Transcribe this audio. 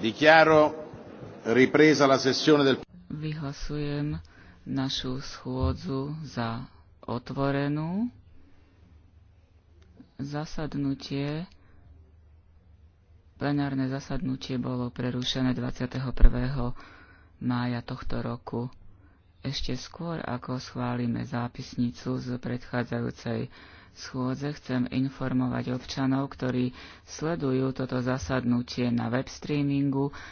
Dichiaro ripresa la sessione del... Vyhlasujem našu schôdzu za otvorenú. Zasadnutie, plenárne zasadnutie bolo prerušené 21. mája tohto roku. Ešte skôr, ako schválime zápisnicu z predchádzajúcej schôdze, chcem informovať občanov, ktorí sledujú toto zasadnutie na web streamingu,